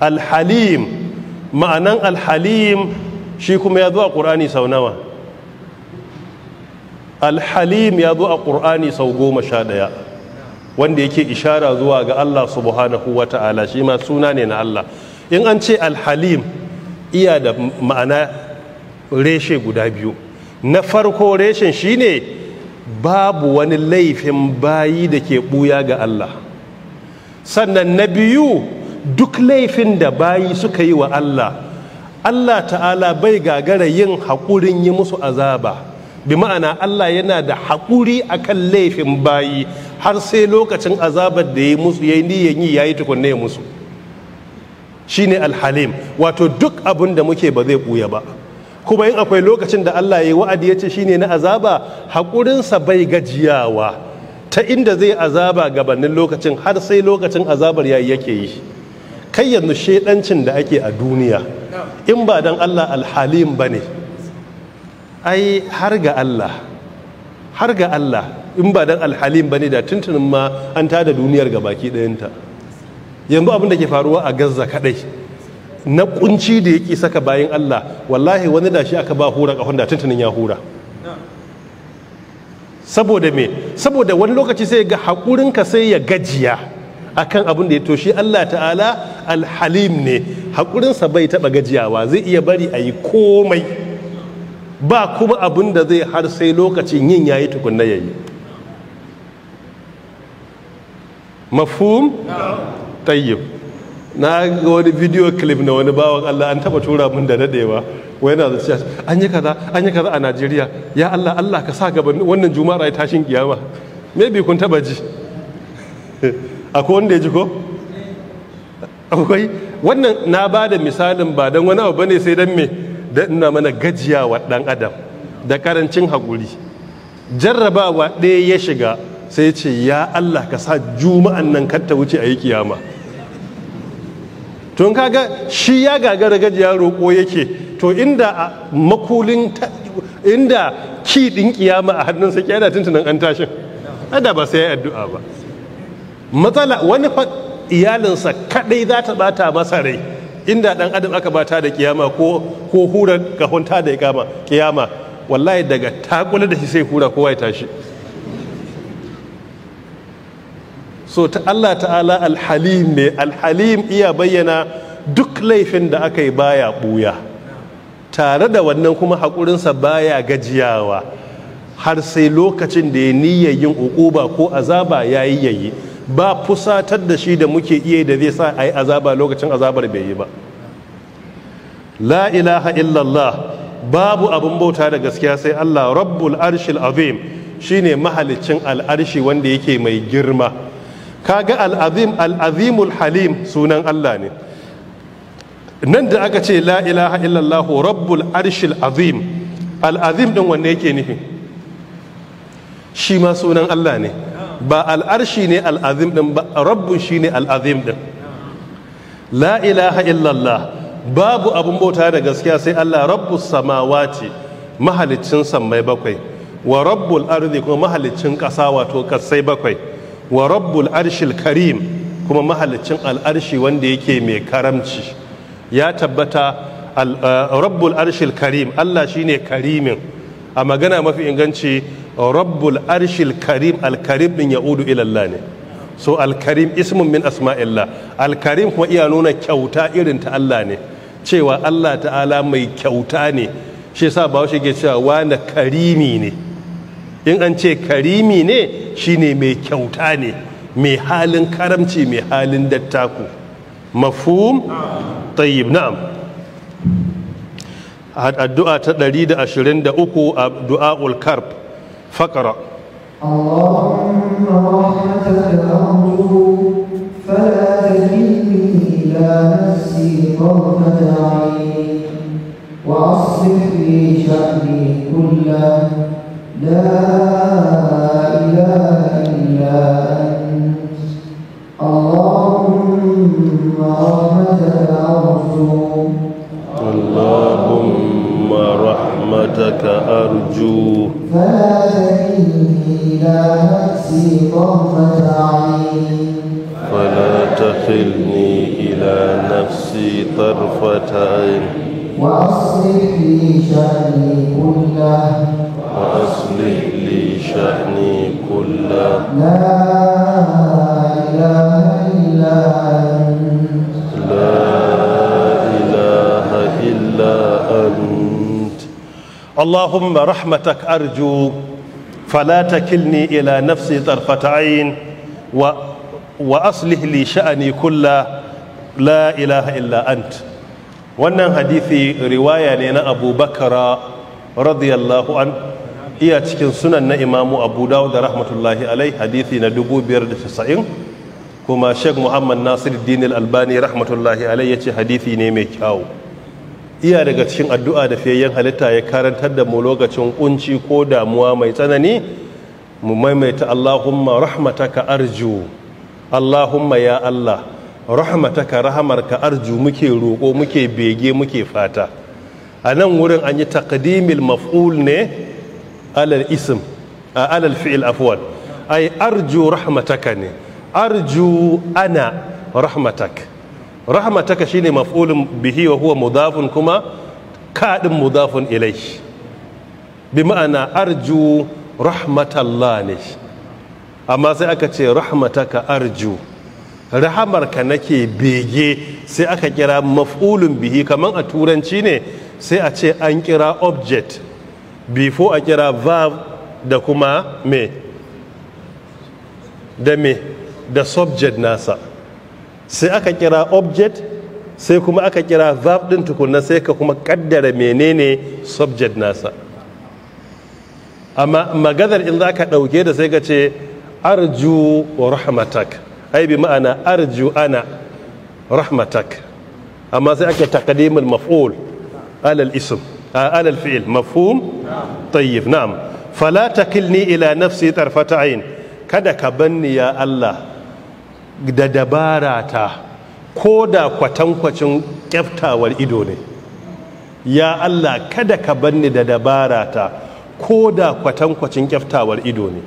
alhalim ma'anan alhalim shi kuma ya zo a ƙur'ani sau nawa alhalim ya zo a ƙur'ani sau goma sha ɗaya wanda yake ishara zuwa ga Allah subhanahu wa ta'ala shi ma suna ne na Allah in an ce alhalim iya da ma'ana reshe guda biyu na farko reshen shine babu wani laifin bayi da ke buya ga Allah sannan na biyu duk laifin da bayi suka yi wa Allah Allah ta'ala bai gagara yin haƙurin yi musu azaba bi ma'ana Allah yana da haƙuri akan laifin bayi har sai lokacin azabar da ya yi musu ya yi niyan yi ya yi tukunne ya musu ne alhalim wato duk abin da muke ba zai ɓuya ba kuma yin akwai lokacin da Allah ya yi wa'adi ya ce shi ne na azaba haƙurinsa bai gajiyawa ta inda zai azaba gabanin lokacin har sai lokacin azabar yayi yake yi kai yanzu shedancin da ake a duniya in ba dan Allah alhalim bane ai har ga Allah har ga Allah in ba dan alhalim bane da tuntunin ma an tada duniyar gabaki ɗayanta yanzu abin da ke faruwa a gazza kaɗai na kunci da yake saka bayan Allah wallahi wani da shi aka ba hura ƙahon da tuntunin ya hura saboda me saboda wani lokaci sai ga haƙurinka sai ya gajiya akan abin da ya toshi Allah ta'ala alhalim ne haƙurinsa bai taɓa gajiyawa zai iya bari a yi komai ba kuma abin da zai har sai lokacin yin yayi tukunna ya yi mafum tayyib na ga wani video clip na wani bawan Allah an taɓa tura mun da daɗewa wai yana da siyasa, an yi kaza an yi kaza a najeriya ya allah allah ka sa gaban wannan Juma'a ya tashin kiyama bi kun taba ji akwai wanda ya ji ko akwai wannan na ba da misalin ba don wani abu bane sai don me da ina mana gajiyawa dan adam da karancin haƙuri jarrabawa ɗaya ya shiga sai ya ce ya allah ka sa juma'an nan kar ta wuce a yi kiyama tun kaga shi ya gagara gajiya roƙo yake to inda makulin inda ki din kiyama a hannunsa ki yana tuntunan an tashin da ba sai addu'a ba matsala wani fa iyalinsa kadai za ta bata masa rai inda dan adam aka bata da kiyama ko ko hura kahonta da kiyama kiyama wallahi daga takula da shi sai hura ko ya tashi so ta Allah ta'ala alhalim ne alhalim iya bayyana duk laifin da aka yi baya buya tare da wannan kuma haƙurinsa baya gajiyawa har sai lokacin da ya niyyar yin uquba ko azaba ya yi yayi ba fusatar da shi da muke iya da zai sa a yi azaba lokacin azabar bai yi ba la ilaha illallah babu abin bauta da gaskiya sai allah rabbul arshil azim shine mahalicin al'arshi wanda yake mai girma kaga al'azim al'azimul halim sunan allah ne nan da aka ce la ilaha illallah rabbul arshil azim al-azim din wanne yake nufi shi ma sunan Allah ne ba al'arshi ne al-azim din ba rabbun shi ne al-azim din la ilaha illallah babu abun bauta da gaskiya sai Allah rabbus samawati mahalicin sammai bakwai wa rabbul ardi kuma mahalicin kasa wato ƙasai bakwai wa rabbul arshil karim kuma mahalicin al'arshi wanda yake mai karamci ya tabbata uh, rabbul arshil karim Allah shine karimin a magana mafi inganci rabbul arshil karim alkarim din udu ilallah ne so alkarim ismun min asma'illah alkarim kuma iya nuna kyauta irin ta Allah ne cewa Allah ta'ala mai kyauta ne shi yasa shi ke cewa wani karimi ne in an ce karimi ne shine mai kyauta ne mai halin karamci mai halin dattaku مفهوم طيب نعم الدعاء دا أشرين أكو دعاء الكرب فقرأ اللهم رحمتك أرجو فلا تكلني إلى نفسي طرفة عين وأصلح لي شأني كله لا إله إلا أنت رحمتك أرجو اللهم رحمتك أرجو فلا تكلني إلى نفسي طرفة عين فلا تخلني إلى نفسي طرفة عين وأصلح لي شأني كله وأصلح لي شأني كله لا إله إلا أنت اللهم رحمتك أرجو فلا تكلني إلى نفسي طرفة عين و وأصلح لي شأني كله لا إله إلا أنت wannan hadithi riwaya ne na abu bakara radiyallahu an iya cikin sunan na imamu abu da rahmatullahi alai hadithi na 5,090 kuma sheik muhammad nasir dinil albani rahmatullahi alai ya ce hadithi ne mai kyawu iya daga cikin addu'a da fiyayyen halitta ya karantar da mu lokacin kunci ko damuwa mai tsanani mu maimaita Allahumma rahmataka arju Allahumma ya Allah rahmataka rahamarka arju muke roƙo muke bege muke fata a nan wurin an yi taqdimil maf'ul ne alal a alal fi'il afuwan ai arju rahmataka ne arju ana rahmatak rahmataka shine maf'ulun bihi wa huwa mudafun kuma kaɗin mudafun ilai bi ma'ana arju rahmatallah ne amma sai aka ce rahmataka arju rahamarka nake bege sai aka kira maf'ulun bihi kamar a turanci ne sai a ce an kira object before a kira verb da kuma me da me da subject nasa sai aka kira object sai kuma aka kira verb din tukunna sai ka kuma kaddara menene subject nasa amma maganar in za ka ɗauke da sai ka ce arju rahmatak ai bi ma'ana arju ana rahmatak amma sai ake taqdimul maf'ul alal ism alal fi'il mafhum tayyib na'am fala takilni ila nafsi tarfata ayn kada ka banni ya Allah da dabara ta ko da kwatankwacin kyaftawar ido ne ya Allah kada ka banni da dabara ta ko da kwatankwacin kyaftawar ido ne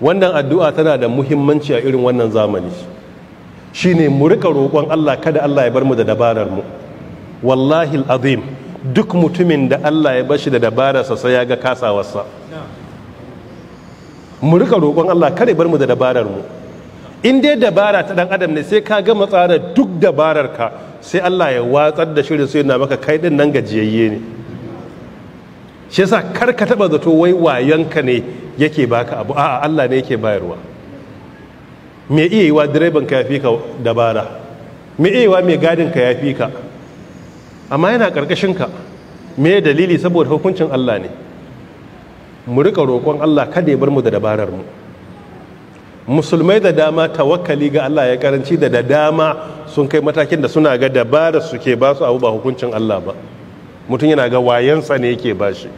wannan addu'a tana da muhimmanci a irin wannan zamani shine mu murika roƙon Allah kada Allah ya bar mu da dabarar mu wallahi azim duk mutumin da Allah ya bashi da dabararsa sai ya ga kasawarsa mu rika roƙon Allah kada ya bar mu da dabararmu. mu in dai dabara ta dan adam ne sai ka gama tsara duk dabarar ka sai Allah ya watsar da shirin sai na maka kai din nan gajiyayye ne shi yasa kar ka taba zato wai ka ne yake baka abu a'a Allah ne yake bayarwa me iya yiwa direban ka yafi ka dabara me iya yiwa mai gadin ka yafi ka amma yana karkashin ka me dalili saboda hukuncin Allah ne mu rika roƙon Allah kada ya bar mu da dabarar mu musulmai da dama tawakkali ga Allah ya karanci da da dama sun kai matakin da suna ga dabara suke ba su abu ba hukuncin Allah ba mutum yana ga wayansa ne yake ba shi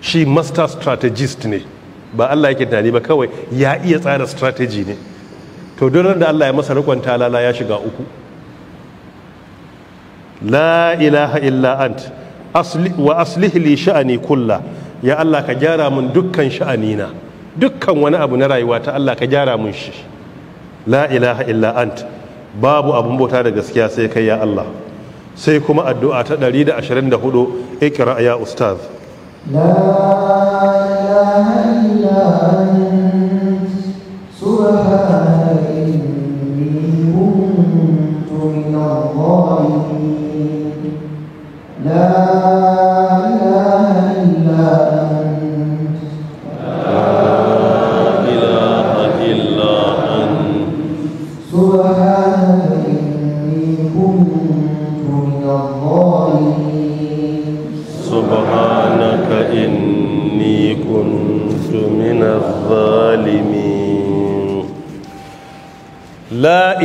shi master strategist ne ba Allah yake tunani ba kawai ya iya tsara strategy ne to don da Allah ya masa rikon talala ya shiga uku la ilaha illa ant wa aslih li sha'ani kulla ya Allah ka gyara mun dukkan sha'anina dukkan wani abu na rayuwa ta Allah ka gyara mun shi la ilaha illa ant babu abun bauta da gaskiya sai kai ya Allah sai kuma addu'a ta 124 ikra ya ustaz la ilaha illa ant subhanaka inni kuntu la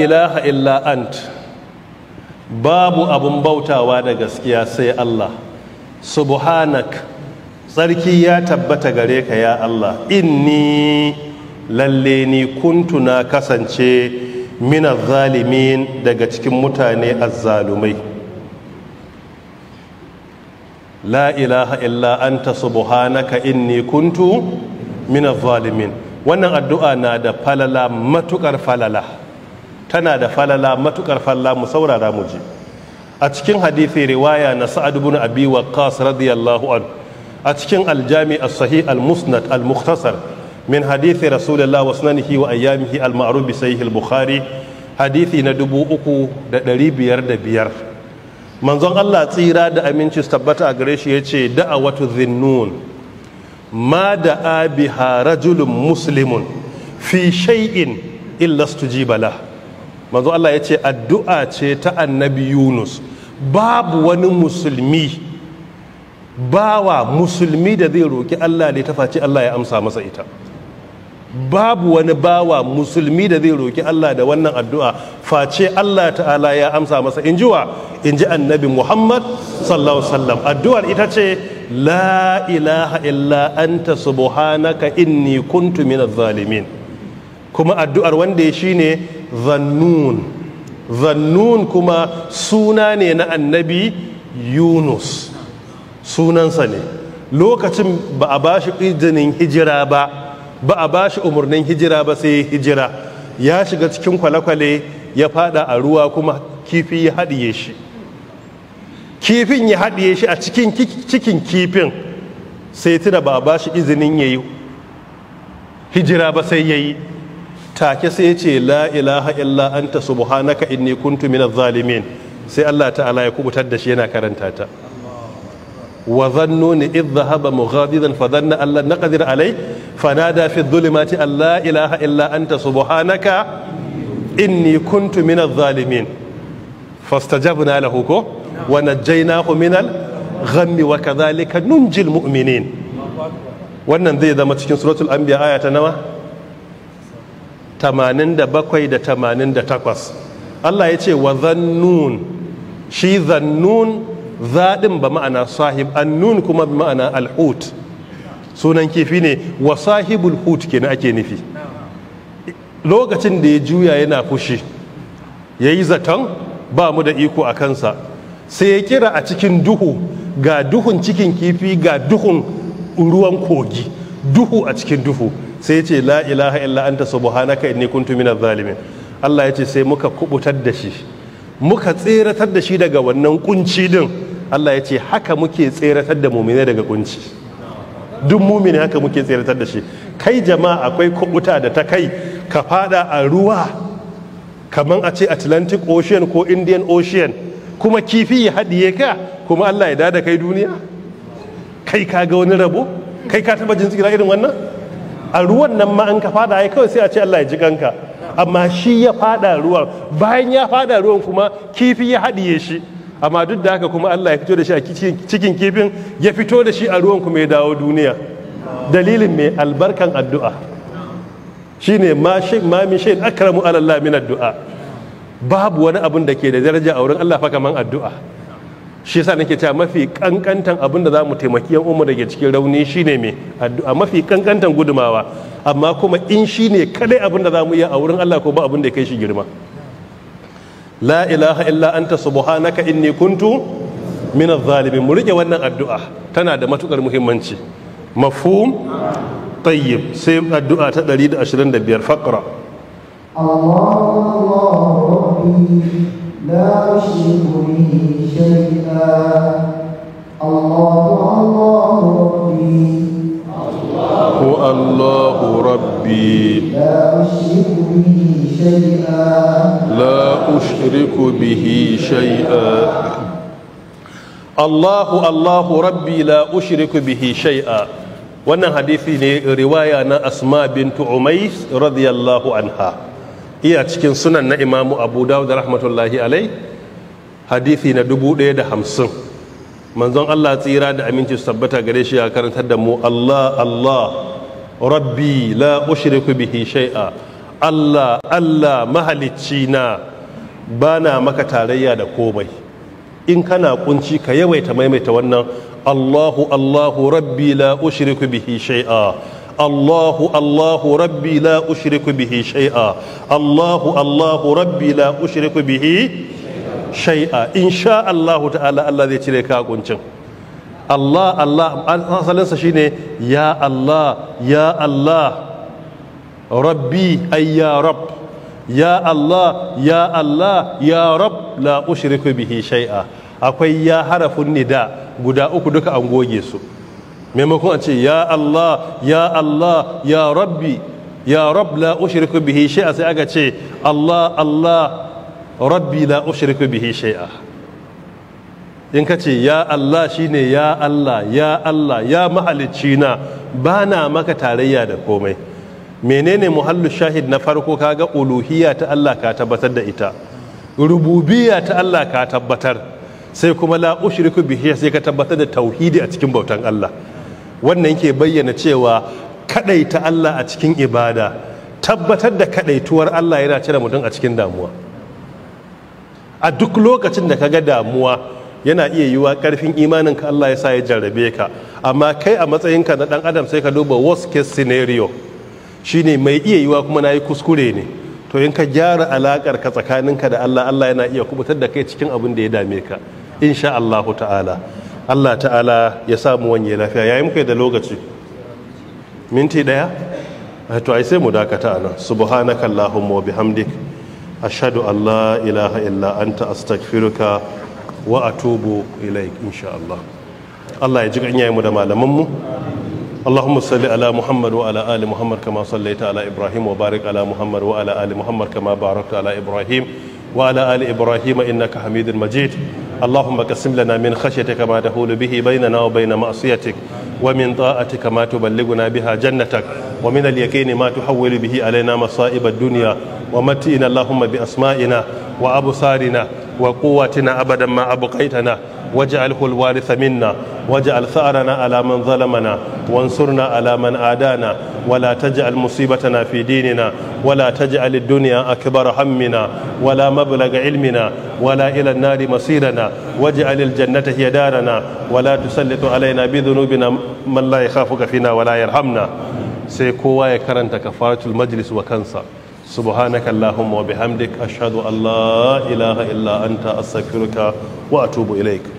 ilaha illa ant babu abun bautawa da gaskiya sai Allah subhanak tsarki ya tabbata gare ka ya Allah inni lalle ni kuntu na kasance mina zalimin daga cikin mutane azzalumai la ilaha illa anta subhanaka inni kuntu mina zalimin wannan addu'a na da falala matukar falala tana da falala matukar falala mu saurara mu ji a cikin hadithi riwaya na sa'ad ibn abi waqqas radiyallahu an a cikin aljami as-sahih al-musnad al-mukhtasar min hadithi rasulullah wa sunanihi wa ayyamihi al-ma'ruf bi sahih al-bukhari hadithi na biyar. manzon Allah tsira da aminci tabbata a gare shi yace da'awatu dhinnun ma da abiha rajulun muslimun fi shay'in illa stujiba lahu manzo Allah ya ce addu'a ce ta annabi Yunus babu wani musulmi bawa musulmi da zai roƙi Allah da ta faci Allah ya amsa masa ita babu wani bawa musulmi da zai roƙi Allah da wannan addu'a face Allah ta'ala ya amsa masa in jiwa in ji annabi Muhammad sallallahu sallam addu'ar ita ce la ilaha illa anta subhanaka inni kuntu minaz zalimin kuma addu'ar wanda ya ne. zannun zannun kuma suna ne na annabi yunus sunansa ne lokacin ba a ba shi izinin hijira ba ba a ba shi umarnin hijira ba sai hijira ya shiga cikin kwale-kwale ya fada a ruwa kuma kifi ya haɗiye shi kifin ya haɗiye shi a cikin cikin kifin sai tuna ba a ba shi izinin ya yi hijira ba sai ya yi take sai ya ce la ilaha illa anta subhanaka inni kuntu min zalimin sai Allah ta'ala ya kubutar da shi yana karanta ta wa zannuni idh dhahaba mughadidan fa dhanna na naqdir alai fanada fi dhulumati an ilaha illa anta subhanaka inni kuntu minaz zalimin fastajabna lahu ko wa najjaynahu minal ghammi wa kadhalika nunjil mu'minin wannan zai zama cikin suratul anbiya aya ta nawa 87 da 88 Allah ya ce wa zannun shi zannun zaɗin ba ma'ana sahib annun kuma bi ma'ana alhut sunan kifi ne wa sahibul hut kenan ake nufi lokacin da ya juya yana fushi ya yi zaton ba mu da iko a kansa sai ya kira a cikin duhu ga duhun cikin kifi ga duhun ruwan kogi duhu a cikin duhu sai ce la ilaha illa anta subhanaka inni kuntu minaz zalimin Allah ya ce sai muka kubutar da shi muka tseratar da shi daga wannan kunci din Allah ya ce haka muke tseratar da mu'mini daga kunci duk mumini haka muke tseratar da shi kai jama'a akwai kubuta da ta kai ka fada a ruwa kamar a ce atlantic ocean ko indian ocean kuma kifi ya haɗiye ka kuma allah ya dada kai duniya kai ka ga wani rabo kai ka taba jin tsira irin wannan a ruwan nan ma an ka fada ai kawai sai a ce Allah ya ji amma shi ya fada ruwan bayan ya fada ruwan kuma kifi ya haɗiye shi amma duk da haka kuma Allah ya fito da shi a cikin kifin ya fito da shi a ruwan kuma ya dawo duniya dalilin mai albarkan addu'a shine ma ma min akramu ala min addu'a babu wani abun da ke da daraja a wurin Allah fa kaman addu'a shi yasa nake cewa mafi kankantan abin da za mu taimaki yan umma daga cikin rauni shine me addu'a mafi kankantan gudumawa amma kuma in shine kadai abin da za mu iya a wurin Allah ko ba abin da kai shi girma la ilaha illa anta subhanaka inni kuntu min adh-dhalimin mu rike wannan addu'a tana da matukar muhimmanci mafhum tayyib sai addu'a ta 125 faqra Allah Allah لا أشرك به شيئا الله الله ربي الله الله ربي لا أشرك به شيئا لا أشرك به شيئا الله الله ربي لا أشرك به شيئا wannan hadisi ne riwaya na asma bintu umais radiyallahu anha iya cikin sunan na imamu abu dawud rahmatullahi alai hadithi na dubu ɗaya da hamsin manzon allah tsira da aminci su tabbata gare shi ya karantar da mu allah allah rabbi la ushriku bihi shai'a allah allah mahalicci na ba na maka tarayya da komai in kana kunci ka yawaita maimaita wannan allahu allahu rabbi la ushriku bihi shai'a الله الله ربي لا أشرك به شيئا الله الله ربي لا أشرك به شيئا إن شاء الله تعالى الله ذي تريكا قنشن الله الله أصلا شيني يا الله يا الله ربي أي يا رب يا الله يا الله يا رب لا أشرك به شيئا akwai ya harafin nida guda uku duka an goge su maimakon a ce ya Allah ya Allah ya rabbi ya rab la ushriku bihi shay'a sai aka ce Allah Allah rabbi la ushriku bihi shay'a in ka ce ya Allah shine ya Allah ya Allah ya mahalicci na ba na maka tarayya da komai menene muhallu shahid na farko kaga uluhiyya ta Allah ka tabbatar da ita rububiyya ta Allah ka tabbatar sai kuma la ushriku bihi sai ka tabbatar da tauhidi a cikin bautan Allah wannan ke bayyana cewa kadaita Allah a cikin ibada tabbatar da kadaituwar Allah yana cire mutum a cikin damuwa a duk lokacin da kaga damuwa yana iya yiwa karfin imanin ka Allah ya sa ya jarrabe ka amma kai a matsayin ka na dan adam sai ka duba worst case scenario shine mai iya yiwa kuma nayi kuskure ne to in ka gyara alakar ka tsakaninka da Allah Allah yana iya kubutar da kai cikin abin da ya dame ka insha Allah ta'ala Allah ta'ala ya samu wanye lafiya ya yi muka da lokaci minti daya eh, to ai sai mu dakata ana subhanaka allahumma wa bihamdik ashhadu an la ilaha illa anta astaghfiruka wa atubu ilaik insha Allah Allah ya ji ganyaye mu da malaman mu اللهم صل على محمد وعلى ال محمد كما صليت على ابراهيم وبارك على محمد وعلى Ali Muhammad kama باركت ala Ibrahim. وعلى آل إبراهيم إنك حميد مجيد اللهم قسم لنا من خشيتك ما تحول به بيننا وبين معصيتك ومن طاعتك ما تبلغنا بها جنتك ومن اليقين ما تحول به علينا مصائب الدنيا ومتئنا اللهم بأسمائنا وأبصارنا وقواتنا أبدا ما أبقيتنا واجعله الوارث منا واجعل ثأرنا على من ظلمنا وانصرنا على من عادانا ولا تجعل مصيبتنا في ديننا ولا تجعل الدنيا أكبر همنا ولا مبلغ علمنا ولا إلى النار مصيرنا واجعل الجنة هي دارنا ولا تسلط علينا بذنوبنا من لا يخافك فينا ولا يرحمنا سيكوا يكرنت كفارة المجلس وكنسا سبحانك اللهم وبحمدك أشهد أن لا إله إلا أنت أستغفرك وأتوب إليك